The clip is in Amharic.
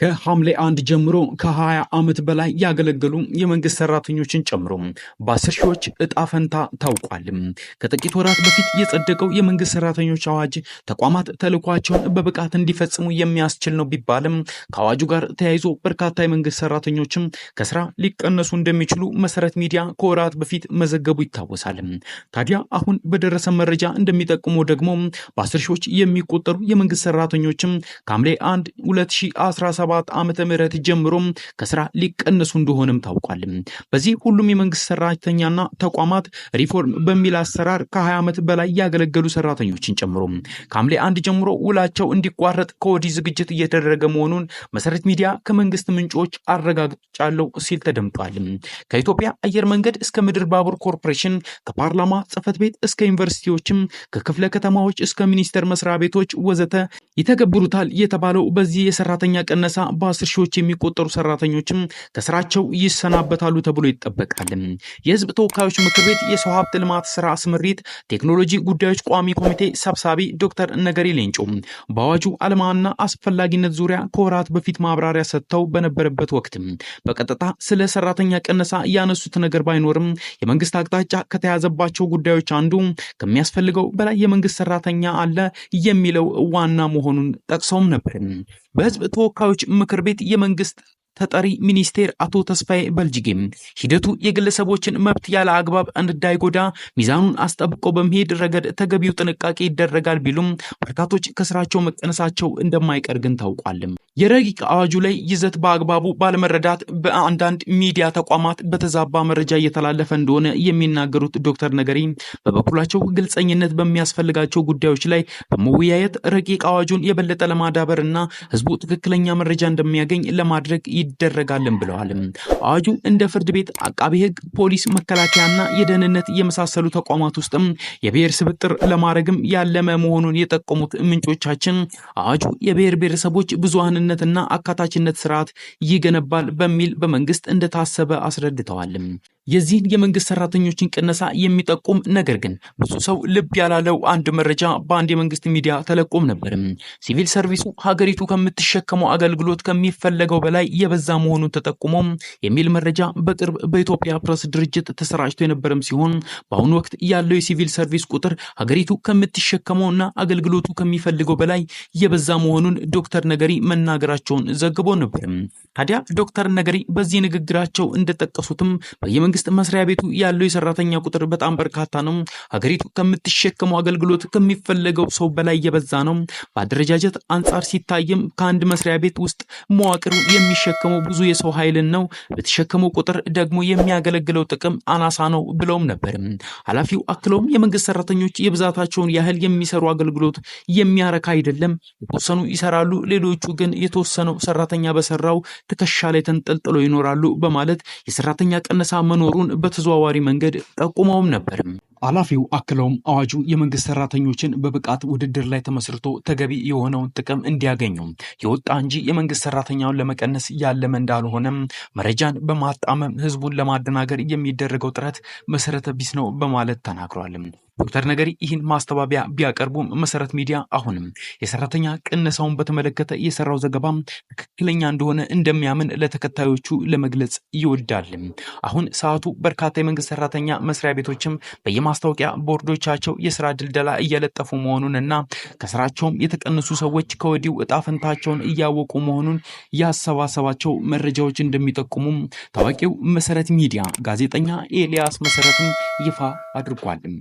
ከሐምሌ አንድ ጀምሮ ከ20 ዓመት በላይ ያገለገሉ የመንግስት ሰራተኞችን ጨምሮ በአስር ሺዎች እጣ ፈንታ ታውቋል። ከጥቂት ወራት በፊት የጸደቀው የመንግስት ሰራተኞች አዋጅ ተቋማት ተልኳቸውን በብቃት እንዲፈጽሙ የሚያስችል ነው ቢባልም ከአዋጁ ጋር ተያይዞ በርካታ የመንግስት ሰራተኞችም ከስራ ሊቀነሱ እንደሚችሉ መሰረት ሚዲያ ከወራት በፊት መዘገቡ ይታወሳል። ታዲያ አሁን በደረሰ መረጃ እንደሚጠቁመው ደግሞ በአስር ሺዎች የሚቆጠሩ የመንግስት ሰራተኞችም ከሐምሌ 1 2017 2017 ዓመተ ምህረት ጀምሮም ከስራ ሊቀነሱ እንደሆነም ታውቋል። በዚህ ሁሉም የመንግስት ሰራተኛና ተቋማት ሪፎርም በሚል አሰራር ከ20 ዓመት በላይ ያገለገሉ ሰራተኞችን ጨምሮ ከሐምሌ አንድ ጀምሮ ውላቸው እንዲቋረጥ ከወዲህ ዝግጅት እየተደረገ መሆኑን መሰረት ሚዲያ ከመንግስት ምንጮች አረጋግጫለሁ ሲል ተደምጧል። ከኢትዮጵያ አየር መንገድ እስከ ምድር ባቡር ኮርፖሬሽን፣ ከፓርላማ ጽህፈት ቤት እስከ ዩኒቨርሲቲዎችም፣ ከክፍለ ከተማዎች እስከ ሚኒስቴር መስሪያ ቤቶች ወዘተ ይተገብሩታል የተባለው በዚህ የሰራተኛ ቀነሳ በአስር ሺዎች የሚቆጠሩ ሰራተኞችም ከስራቸው ይሰናበታሉ ተብሎ ይጠበቃል። የህዝብ ተወካዮች ምክር ቤት የሰው ሀብት ልማት ስራ ስምሪት ቴክኖሎጂ ጉዳዮች ቋሚ ኮሚቴ ሰብሳቢ ዶክተር ነገሪ ሌንጮ በአዋጁ አለማና አስፈላጊነት ዙሪያ ከወራት በፊት ማብራሪያ ሰጥተው በነበረበት ወቅት በቀጥታ ስለ ሰራተኛ ቀነሳ ያነሱት ነገር ባይኖርም የመንግስት አቅጣጫ ከተያዘባቸው ጉዳዮች አንዱ ከሚያስፈልገው በላይ የመንግስት ሰራተኛ አለ የሚለው ዋና መሆኑ መሆኑን ጠቅሰውም ነበር። በህዝብ ተወካዮች ምክር ቤት የመንግስት ተጠሪ ሚኒስቴር አቶ ተስፋዬ በልጅጌም ሂደቱ የግለሰቦችን መብት ያለ አግባብ እንዳይጎዳ ሚዛኑን አስጠብቆ በመሄድ ረገድ ተገቢው ጥንቃቄ ይደረጋል ቢሉም በርካቶች ከስራቸው መቀነሳቸው እንደማይቀር ግን ታውቋልም። የረቂቅ አዋጁ ላይ ይዘት በአግባቡ ባለመረዳት በአንዳንድ ሚዲያ ተቋማት በተዛባ መረጃ እየተላለፈ እንደሆነ የሚናገሩት ዶክተር ነገሪ በበኩላቸው ግልጸኝነት በሚያስፈልጋቸው ጉዳዮች ላይ በመወያየት ረቂቅ አዋጁን የበለጠ ለማዳበር እና ህዝቡ ትክክለኛ መረጃ እንደሚያገኝ ለማድረግ ይደረጋልን ብለዋል። አዋጁ እንደ ፍርድ ቤት፣ አቃቢ ህግ ፖሊስ፣ መከላከያና የደህንነት የመሳሰሉ ተቋማት ውስጥም የብሔር ስብጥር ለማድረግም ያለመ መሆኑን የጠቆሙት ምንጮቻችን አዋጁ የብሔር ብሔረሰቦች ብዙሀንን ፍትሐዊነትና አካታችነት ስርዓት ይገነባል በሚል በመንግስት እንደታሰበ አስረድተዋል። የዚህን የመንግስት ሰራተኞችን ቅነሳ የሚጠቁም ነገር ግን ብዙ ሰው ልብ ያላለው አንድ መረጃ በአንድ የመንግስት ሚዲያ ተለቆም ነበርም። ሲቪል ሰርቪሱ ሀገሪቱ ከምትሸከመው አገልግሎት ከሚፈለገው በላይ የበዛ መሆኑን ተጠቁሞ የሚል መረጃ በቅርብ በኢትዮጵያ ፕረስ ድርጅት ተሰራጭቶ የነበረም ሲሆን በአሁኑ ወቅት ያለው የሲቪል ሰርቪስ ቁጥር ሀገሪቱ ከምትሸከመውና አገልግሎቱ ከሚፈልገው በላይ የበዛ መሆኑን ዶክተር ነገሪ መናገራቸውን ዘግቦ ነበርም። ታዲያ ዶክተር ነገሪ በዚህ ንግግራቸው እንደጠቀሱትም በየመንግስት በመንግስት መስሪያ ቤቱ ያለው የሰራተኛ ቁጥር በጣም በርካታ ነው። ሀገሪቱ ከምትሸከመው አገልግሎት ከሚፈለገው ሰው በላይ የበዛ ነው። በአደረጃጀት አንጻር ሲታይም ከአንድ መስሪያ ቤት ውስጥ መዋቅሩ የሚሸከመው ብዙ የሰው ኃይልን ነው። በተሸከመው ቁጥር ደግሞ የሚያገለግለው ጥቅም አናሳ ነው ብለውም ነበር ኃላፊው። አክለውም የመንግስት ሰራተኞች የብዛታቸውን ያህል የሚሰሩ አገልግሎት የሚያረካ አይደለም። የተወሰኑ ይሰራሉ፣ ሌሎቹ ግን የተወሰነው ሰራተኛ በሰራው ትከሻ ላይ ተንጠልጥለው ይኖራሉ በማለት የሰራተኛ ቀነሳ መኖር መኖሩን በተዘዋዋሪ መንገድ ጠቁመውም ነበርም። ኃላፊው አክለውም አዋጁ የመንግስት ሰራተኞችን በብቃት ውድድር ላይ ተመስርቶ ተገቢ የሆነውን ጥቅም እንዲያገኙ የወጣ እንጂ የመንግስት ሰራተኛውን ለመቀነስ ያለመ እንዳልሆነም፣ መረጃን በማጣመም ህዝቡን ለማደናገር የሚደረገው ጥረት መሰረተ ቢስ ነው በማለት ተናግሯልም ዶክተር ነገሪ ይህን ማስተባበያ ቢያቀርቡም መሰረት ሚዲያ አሁንም የሰራተኛ ቅነሳውን በተመለከተ የሰራው ዘገባ ትክክለኛ እንደሆነ እንደሚያምን ለተከታዮቹ ለመግለጽ ይወዳል። አሁን ሰዓቱ በርካታ የመንግስት ሰራተኛ መስሪያ ቤቶችም በየማስታወቂያ ቦርዶቻቸው የስራ ድልደላ እየለጠፉ እና ከስራቸውም የተቀነሱ ሰዎች ከወዲሁ እጣፈንታቸውን እያወቁ መሆኑን ያሰባሰባቸው መረጃዎች እንደሚጠቁሙም ታዋቂው መሰረት ሚዲያ ጋዜጠኛ ኤልያስ መሰረትም ይፋ አድርጓል።